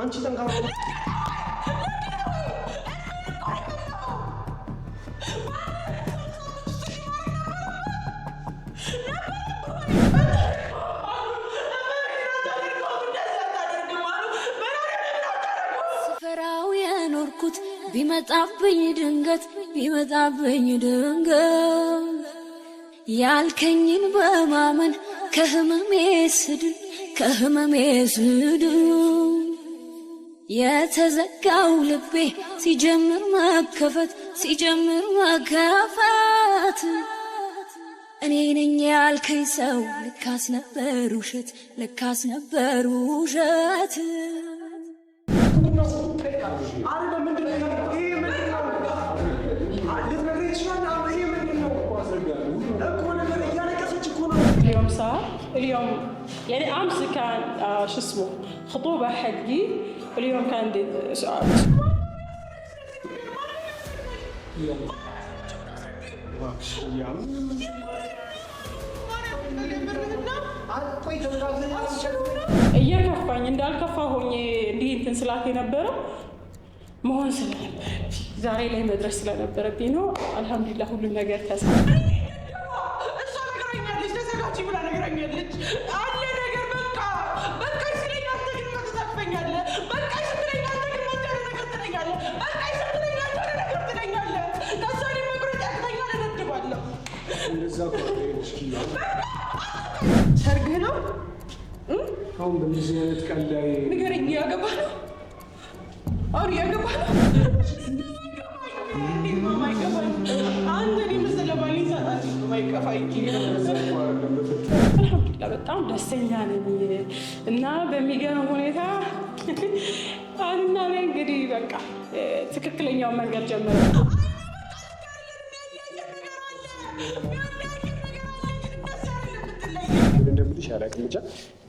አንቺ ጠንካራ የኖርኩት ቢመጣብኝ ድንገት ቢመጣብኝ ድንገት ያልከኝን በማመን ከህመሜ ስድን ከህመሜ ስድን የተዘጋው ልቤ ሲጀምር መከፈት ሲጀምር መከፈት እኔ ነኝ ያልከኝ ሰው ልካስ ነበር ውሸት ልካስ ነበር ውሸት اليوم صار اليوم يعني امس كان آه شو اسمه خطوبه حقي اليوم كان دي سؤال ايام كفاني اندال كفا هوني دي انت سلاكي نبره مو انسلاكي ዛሬ ላይ መድረስ ስለነበረብኝ ነው አልሐምዱሊላህ ሁሉም ነገር ተሳ አለች ብላ ነግራኛለች። አለ ነገር በቃ በቃ ሲለኝ አንተ ግን መቶ ታቅፈኛለህ። በቃ ስትለኝ አንተ ግን መቶ ያለ ነገር ትለኛለህ። በቃ ስትለኝ አንተ ያለ ነገር ትለኛለህ። ከዛ እኔም መቁረጥ ያቅተኛል፣ እደድባለሁ። ሰርግህ ነው አሁን በእንደዚህ አይነት ቀን ላይ ንገረኝ። ያገባ ነው አሁን ያገባ ነው አንተ እኔ መሰለህ ባሌን ማይቀፋ ይችላል በጣም ደስተኛ ነኝ እና በሚገርም ሁኔታ አሁንና ላይ እንግዲህ በቃ ትክክለኛውን መንገድ ጀመረ። ብልሽ አላውቅም። ብቻ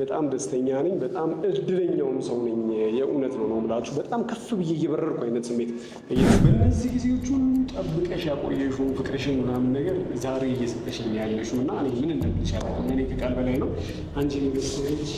በጣም ደስተኛ ነኝ። በጣም እድለኛውም ሰው ነኝ። የእውነት ነው ነው ብላችሁ በጣም ከፍ ብዬ እየበረርኩ አይነት ስሜት በእነዚህ ጊዜዎች ሁሉ ጠብቀሽ ያቆየሽው ፍቅርሽን ምናምን ነገር ዛሬ እየሰጠሽኝ ያለሽው እና እኔ ምን እንደምልሽ እኔ ከቃል በላይ ነው አንቺ ንግስት